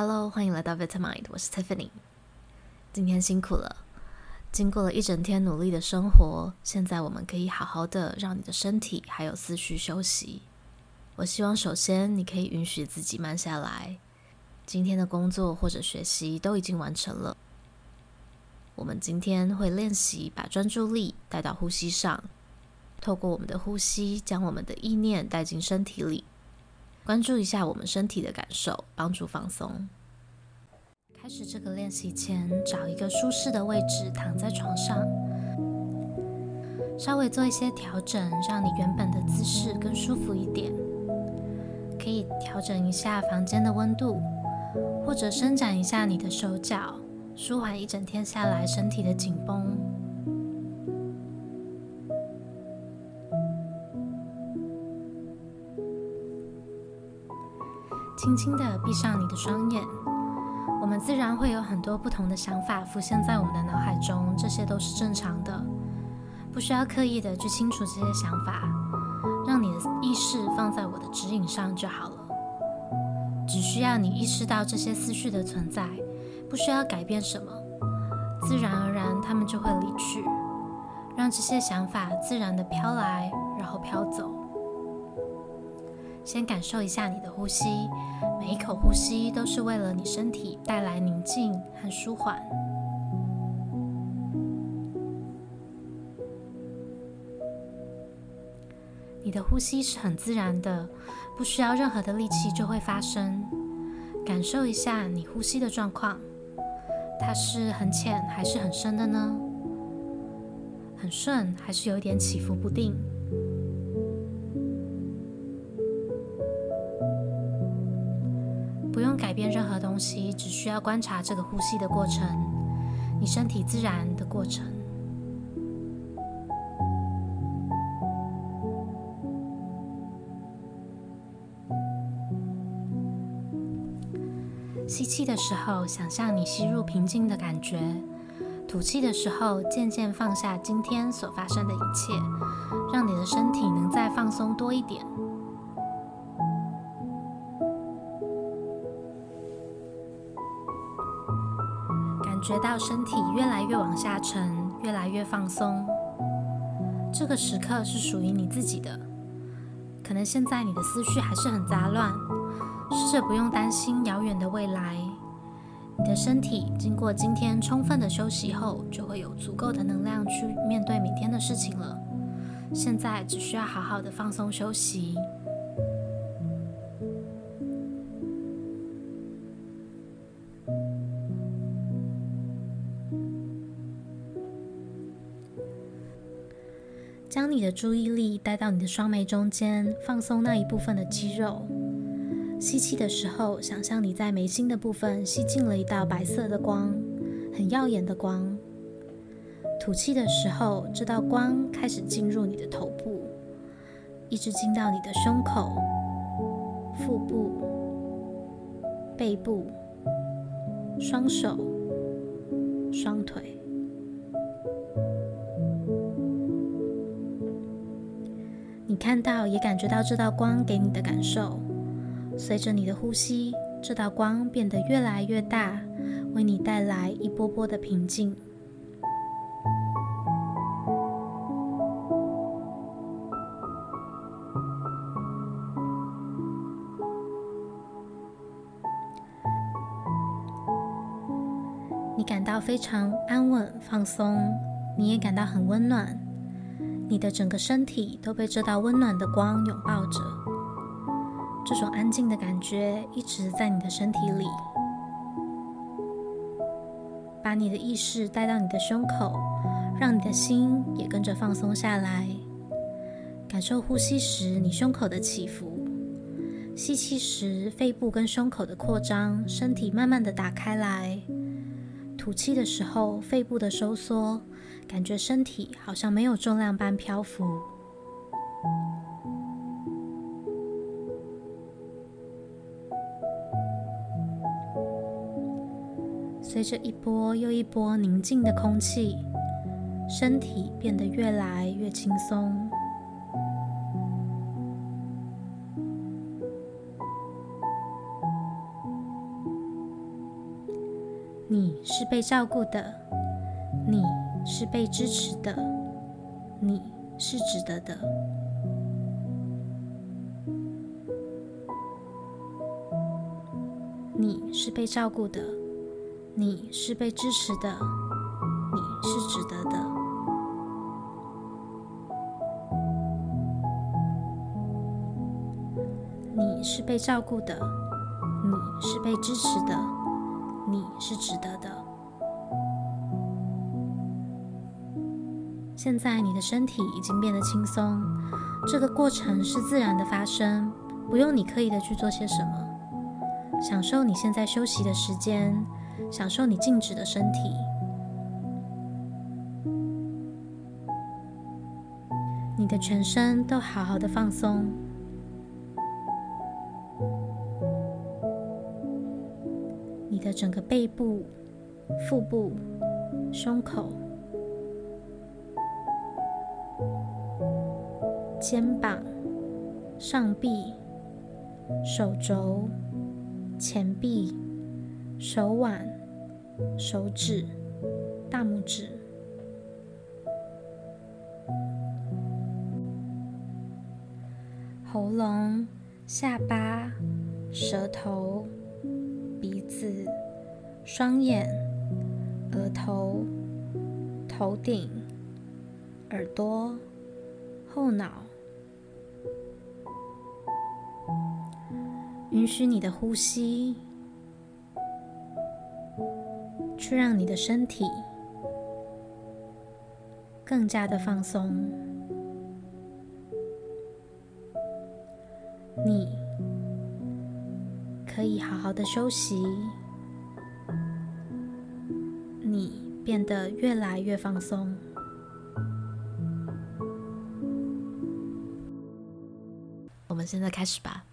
哈嘍，Hello, 歡迎來到 Vitamin，我是 Tiffany。今天辛苦了，經過了一整天努力的生活，現在我們可以好好的讓你的身體還有思緒休息。我希望首先你可以允許自己慢下來，今天的工作或者學習都已經完成了。我們今天會練習把專注力帶到呼吸上，透過我們的呼吸將我們的意念帶進身體裡。關注一下我們身體的感受，幫助放鬆。開始這個練習前，找一個舒適的位置，躺在床上，稍微做一些調整，讓你原本的姿勢更舒服一點。可以調整一下房間的溫度，或者伸展一下你的手腳，舒緩一整天下來身體的緊繃。輕輕地閉上你的雙眼，我們自然會有很多不同的想法浮現在我們的腦海中，這些都是正常的，不需要刻意的去清除這些想法，讓你的意識放在我的指引上就好了。只需要你意識到這些思緒的存在，不需要改變什麼，自然而然他們就會離去。讓這些想法自然的飄來，然後飄走。先感受一下你的呼吸。每一口呼吸都是為了你身體帶來寧靜和舒緩。你的呼吸是很自然的，不需要任何的力氣就會發生。感受一下你呼吸的狀況，它是很淺還是很深的呢？很順還是有點起伏不定？改變任何東西，只需要觀察這個呼吸的過程，你身體自然的過程。吸氣的時候，想象你吸入平靜的感覺；吐氣的時候，漸漸放下今天所發生的一切，讓你的身體能再放鬆多一點。覺到身體越來越往下沉，越來越放鬆。這個時刻是屬於你自己的。可能現在你的思緒還是很雜亂，試着不用擔心遙遠的未來。你的身體經過今天充分的休息後，就會有足夠的能量去面對明天的事情了。現在只需要好好的放鬆休息。將你的注意力帶到你的雙眉中間，放鬆那一部分的肌肉。吸氣的時候，想象你在眉心的部分吸進了一道白色的光，很耀眼的光。吐氣的時候，這道光開始進入你的頭部，一直進到你的胸口、腹部、背部、雙手、雙腿。看到也感覺到這道光給你的感受，隨着你的呼吸，這道光變得越來越大，為你帶來一波波的平靜。你感到非常安穩、放鬆，你也感到很溫暖。你的整個身體都被這道溫暖的光擁抱着，這種安靜的感覺一直在你的身體裡。把你的意識帶到你的胸口，讓你的心也跟着放鬆下來，感受呼吸時你胸口的起伏，吸氣時肺部跟胸口的擴張，身體慢慢的打開來，吐氣的時候肺部的收縮。感覺身體好像沒有重量般漂浮，隨着一波又一波寧靜的空氣，身體變得越來越輕鬆。你是被照顧的。是被支持的，你是值得的。你是被照顧的，你是被支持的，你是值得的。你是被照顧的，你是被支持的，你是值得的。現在你的身體已經變得輕鬆，這個過程是自然的發生，不用你刻意的去做些什麼。享受你現在休息的時間，享受你靜止的身體，你的全身都好好的放鬆，你的整個背部、腹部、胸口。肩膀、上臂、手肘、前臂、手腕、手指、大拇指、喉嚨、下巴、舌頭、鼻子、雙眼、額頭、頭頂、耳朵、後腦。允許你的呼吸，去讓你的身體更加的放鬆。你可以好好的休息，你變得越來越放鬆。我們現在開始吧。